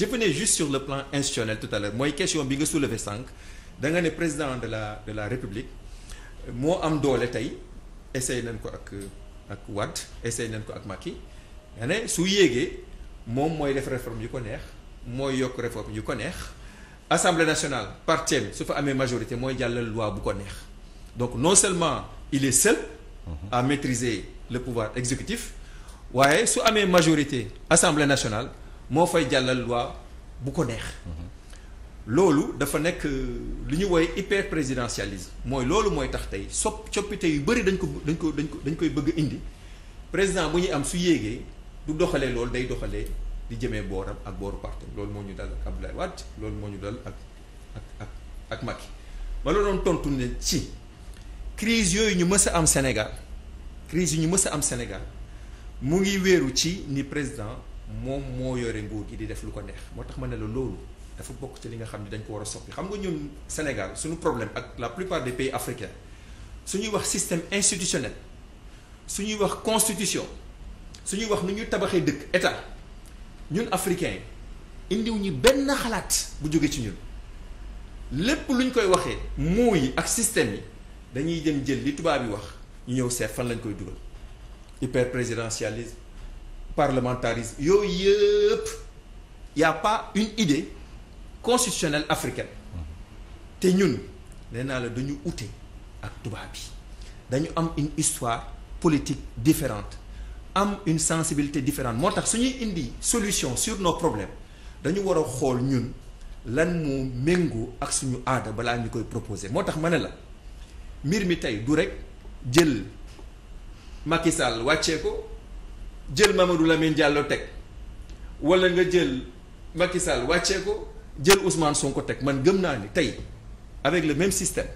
je venais juste sur le plan institutionnel tout à mooy question bi nga soulever sànq da ne président de la de la république moo am doole tey essayé nañ ko ak ak Wade essayé nañ ko ak Macky nga ne su yéegee moom mooy def réforme yu ko neex mooy yokk réforme yu ko neex assemblée nationale partem su fa amee majorité mooy jàllal loi bu ko neex donc non seulement il est seul à maitriser le pouvoir exécutif waaye su amee majorité assemblée nationale moo fay jàllal loi bu ko neex loolu dafa nekk euh, li ñu woowee hyper présidentialisme mooy loolu mooy tax tey sop coppite yu bëri dañ ko dañ ko dañ ko dañ koy bëgg indi président bu ñuy am su yéegee du doxalee loolu day doxalee di jëmee booram ak booru loolu moo ñu dal ak Abdoulaye loolu moo ñu dal ak ak ak ak ma la doon tontu ne ci crise yooyu ñu mës a am Sénégal crise yu ñu mës a am Sénégal mu ngi wéeru ci ni président moom moo yore nguur gi di def lu ko neex moo tax ma ne la loolu dafa bokk ci li nga xam ne dañ ko war a soppi xam nga ñun Sénégal suñu problème ak la plupart des pays africains suñuy wax système institutionnel suñuy wax constitution suñuy wax nu ñuy tabaxee dëkk état ñun africain indiw ñi benn xalaat bu jógee ci ñun lépp luñ koy waxee moo yi ak système yi dañuy dem jël li tubaab yi wax ñu ñëw seet fan lañ koy dugal hyper présidentialisme parlementarisme yooyu yëpp y a pas une idée constitutionnelle africaine te ñun nee naa la dañu ute ak tubaab bi dañu am une histoire politique différente am une sensibilité différente moo tax suñuy indi solution sur nos problèmes dañu war a xool ñun lan moo méngoo ak suñu aada balaa ñu koy proposer moo tax ma ne la mbir mi tey du rek jël Macky wàccee ko jël Mamadou Lamine Diallo teg wala nga jël Macky Sall wàccee ko jël Ousmane Sonko teg man gëm naa ni tey avec le même système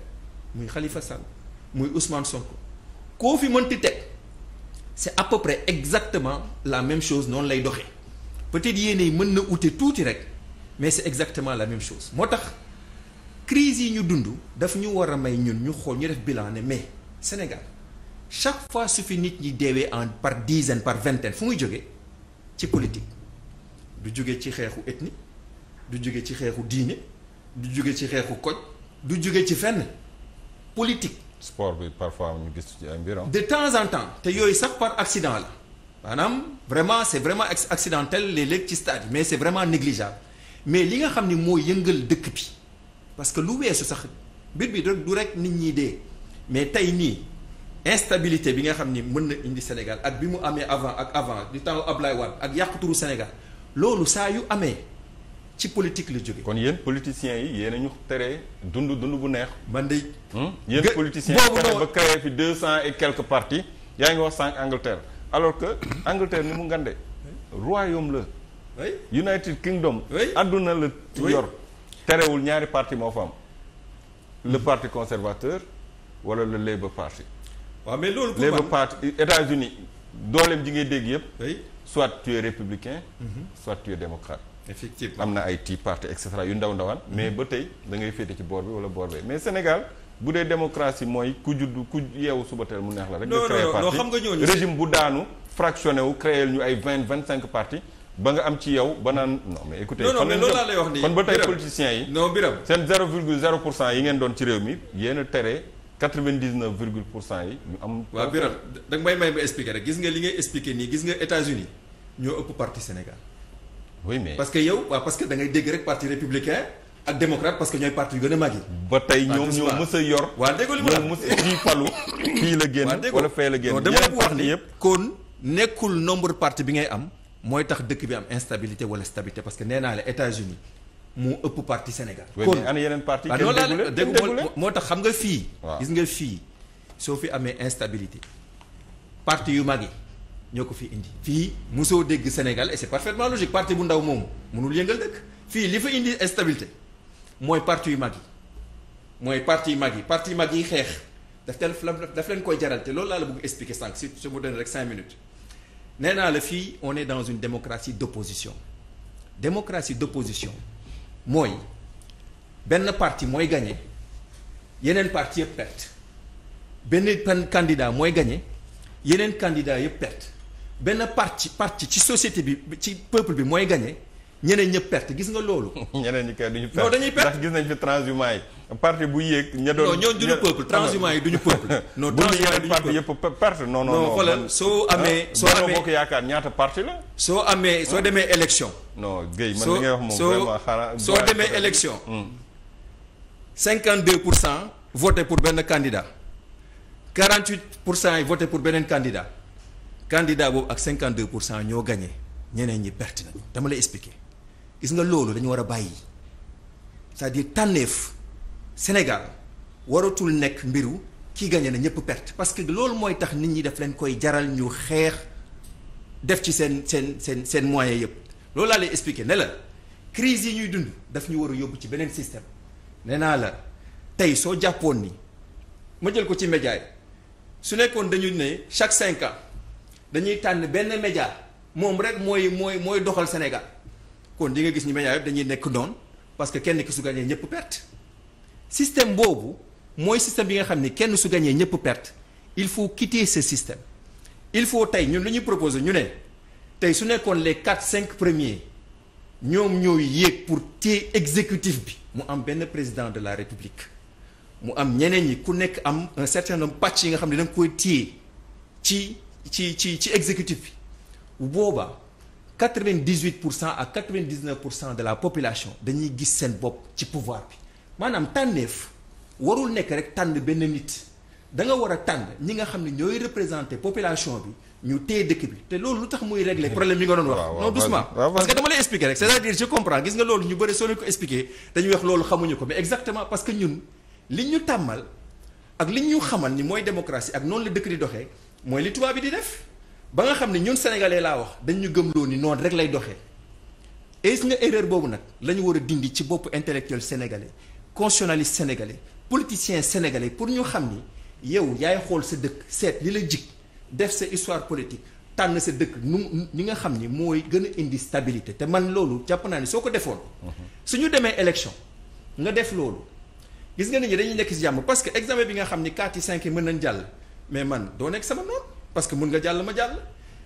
muy Khalifa Sall muy Ousmane Sonko koo fi mënti teg c'est à peu exactement la même chose noonu lay doxee peut-être yéene yi mën na ute tuuti rek mais c'est exactement la même chose moo tax crise yi ñu dund dafa ñu war a may ñun ñu xool ñu def bilan ne mais Sénégal chaque fois su fi nit ñi deewee en par dizaine par vingtaine fu muy jógee ci politique du jóge ci xeexu ethnie du jóge ci xeexu diine du jóge ci xeexu koj du jóge ci fen politique. sport bi parfois ñu gis ci ay mbir de temps en temps te yooyu sax par accident la maanaam vraiment c'est vraiment accidentel léeg-léeg ci stade mais c'est vraiment négligeable mais li nga xam ni moo yëngal dëkk bi parce que lu weesu sax mbir bi rek du rek nit ñi dee mais tey nii. instabilité bi nga xam ni mën na indi Sénégal ak bi mu amee avant ak avant du temps Ablaye Wade ak yàquturu Sénégal loolu saa yu amee ci politique la jóge kon yéen politiciens yi yéen a ñu tere dund dund bu neex. man de. Hmm? yéen politiciens yi fexe ba créé fi deux cent et quelques partis yaa ngi wax sànq Angleterre alors que Angleterre ni mu ngande royaume la. oui United Kingdom. oui la yor. terewul ñaari parti moo fa am. le parti conservateur wala le Labour Party. waaw mais loolu pour man part États-Unis dooleem ji ngay dégg yëpp. soit tu es républicain. Mhm. soit tu es démocrate. am na ay tii parti et cetera yu ndaw ndawaan. Mhm. mais ba tey da ngay féete ci boor bi wala boor bi mais Sénégal. bu dee démocratie mooy ku judd ku yeewu suba teel mu neex la rek. non non xam nga ñooñu régime bu daanu fractionné wu créé ñu ay vingt vingt cinq parti ba nga am ci yow ba naan non mais. écoutez non mais loolu laa wax nii ba tey politiciens yi. non biram seen zéro virgule zéro pour cent yi ngeen doon ci réew mi yéen a tere. quatre-vingt-dix-neuf pour cent yi ñu am. waaw Birame da nga may may ma expliquer rek gis nga li ngay expliquer nii gis nga États-Unis ñoo ëpp parti Sénégal. oui mais parce que yow waaw parce que da ngay dégg rek parti républicain ak démocrate parce ñooy parti yu gën a mag yi. ba tey ñoom ñoo mës yor. waaw déggoo li ma la ñoom mës a fii falu. fii la génn wala fee la génn. wax nii yëpp kon nekkul nombre parti bi ngay am mooy tax dëkk bi am instabilité wala stabilité parce que nee naa la états moo ëpp parti Sénégal. kon ana yeneen parti moo tax xam nga fii. gis nga fii soo fi amee instabilité parti yu mag yi ñoo ko fi indi. fii mu soo dégg Sénégal et c'est parfaitement logique parti bu ndaw moomu mënul yëngal dëkk fii li fa indi instabilité mooy parti yu mag yi mooy parti yu mag yi parti yu mag yi xeex daf leen daf leen koy jaral te loolu laa la bëgg expliquer sànq si je vous donne rek cinq minutes nee naa la fii on est dans une démocratie d'opposition démocratie d'opposition. mooy benn parti mooy gagné yeneen parti yëpp perte benn candidat mooy gagné yeneen candidat yëpp perte benn parti parti ci société bi ci peuple bi mooy gagné ñeneen ñëpp perte gis nga loolu. ñeneen ñi kay duñu perte non dañuy perte gis nañ fi transhumance yi. parti bu yéeg ña doon. non ñooñu duñu peuple transhumance yi duñu peuple. non transhumance yi duñu parti yëpp perte non non non. non xoolal soo ah, amee. soo amee bokk yaakaar ñaata parti la. soo amee soo ah. demee élection. non Guèye man li ngay wax moom vraiment xanaa soo demee hmm. cinquante 52 pour cent voté pour benn candidat 48 pour cent voté pour beneen candidat candidat boobu ak 52 pour cent ñoo gagné ñeneen ñi perte nañu dama lay expliquer gis nga loolu dañu war a bàyyi c'est-à-dire tànneef Sénégal waratul nekk mbiru kii gañe na ñëpp perte parce que loolu mooy tax nit ñi daf leen koy jaral ñu xeex def ci seen seen seen seen moyen yëpp. loolu laa lay expliquer ne la crise yi ñuy dund daf ñu war a yóbbu ci beneen système nee naa la tey soo jàppoon ni ma jël ko ci média su nekkoon dañu ne chaque cinq dañuy tànn benn média moom rek mooy mooy mooy doxal Sénégal kon di nga gis ñu média yëpp dañuy nekk noonu parce que kenn ki su gañee ñëpp perte système boobu mooy système bi nga xam ni kenn su gañee ñëpp perte il faut quitter ce système il faut tey ñun lu ñuy proposer ñu ne. tey su nekkoon les quatre cinq premiers ñoom ñooy yéeg pour téye exécutif bi mu am benn président de la république mu am ñeneen yi ku nekk am un certain nombre pàcc yi nga xam ne da nga koy téye ci ci ci ci exécutif bi booba quatre-vingt-dix-huit pour cent ak quatre-vingt-dix-neuf pour cent de la population dañuy gis seen bopp ci pouvoir bi maanaam tànneef warul nekk rek tànn benn nit danga war a tànn ñi nga xam ne ñooy représenté population bi ñu tee dëkk bi te loolu lu tax muy régler problème yi nga doon wax non doucement parce que dama lay expliquer rek c'est-à-dire je comprends gis nga loolu ñu bëri soo leen ko expliquer dañuy wax loolu xamuñu ko mais exactement parce que ñun li ñu tàmmal ak li ñu xamal ni mooy démocratie ak noonu la dëkk di doxee mooy li tubaab bi di def ba nga xam ne ñun sénégalais laa wax dañu gëmloo ni noonu rek lay doxee et gis boobu nag la ñu war a dindi ci bopp intellectuel sénégalais constitutionnaliste sénégalais politicien sénégalais pour ñu xam ni yow yaay xool sa dëkk seet li la jik def sa histoire politique tànn sa dëkk nu ñi nga xam ni mooy gën a indi stabilité te man loolu jàpp naa ni soo ko defoon. Mhm. su ñu demee élection nga def loolu. gis nga nit ñi dañuy nekk si jàmm parce que examen bi nga xam ni 4 yi mën nañ jàll mais man doo nekk sama noonu parce que mun nga jàll ma jàll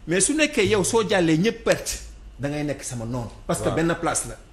mais su nekkee yow soo jàllee ñëpp perte da ngay nekk sama noonu. parce que benn place la.